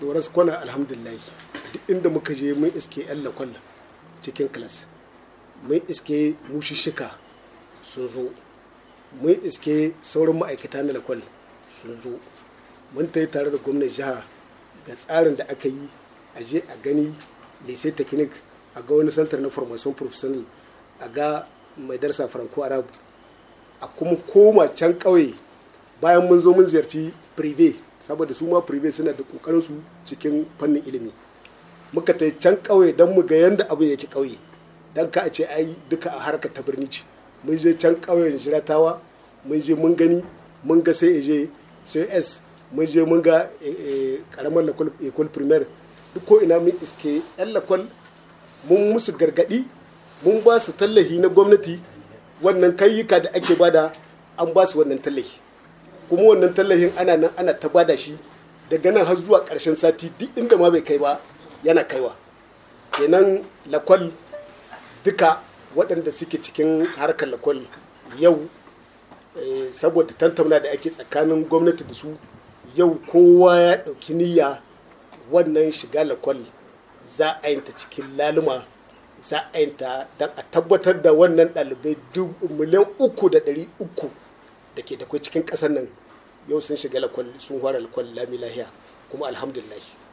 doras kwana alhamdulillah duk inda muka je mun iske yan lakwal cikin kilas mun iske mushishika sun zo mun iske sauran ma'aikata na lakwal sun zo mun ta tare da gwamnan jiha da tsarin da aka yi a je a gani lise technique a ga wani santar na formation professional a ga mai darsa franco arab a kuma koma can ƙauye bayan mun zo mun ziyarci prive saboda su ma private suna da kokarin su cikin fannin ilimi muka ta can ƙauye don mu ga yanda abin yake ƙauye don ka a ce ai duka a harkar ta birni ce mun je can ƙauyen jiratawa mun je mun gani mun ga sai je cs mun je mun ga eh, eh, karamar lakol primaire duk ko ina mun iske yan lakol mun musu gargadi mun ba su tallahi na gwamnati wannan kayyuka da ake bada an ba su wannan tallahi kuma wannan tallafin ana nan ana ta bada shi daga nan har zuwa ƙarshen sati duk inda ma bai kai ba yana kaiwa kenan lakwal duka waɗanda suke cikin harkar lakwal yau eh, saboda tantamna da ake tsakanin gwamnati da su yau kowa ya ɗauki niyya wannan shiga lakwal za a ta cikin laluma za a ta don a tabbatar da wannan ɗalibai miliyan uku da ɗari uku da ke da cikin ƙasar nan yau sun shiga sun hwara lakwal lami lahiya kuma alhamdulillah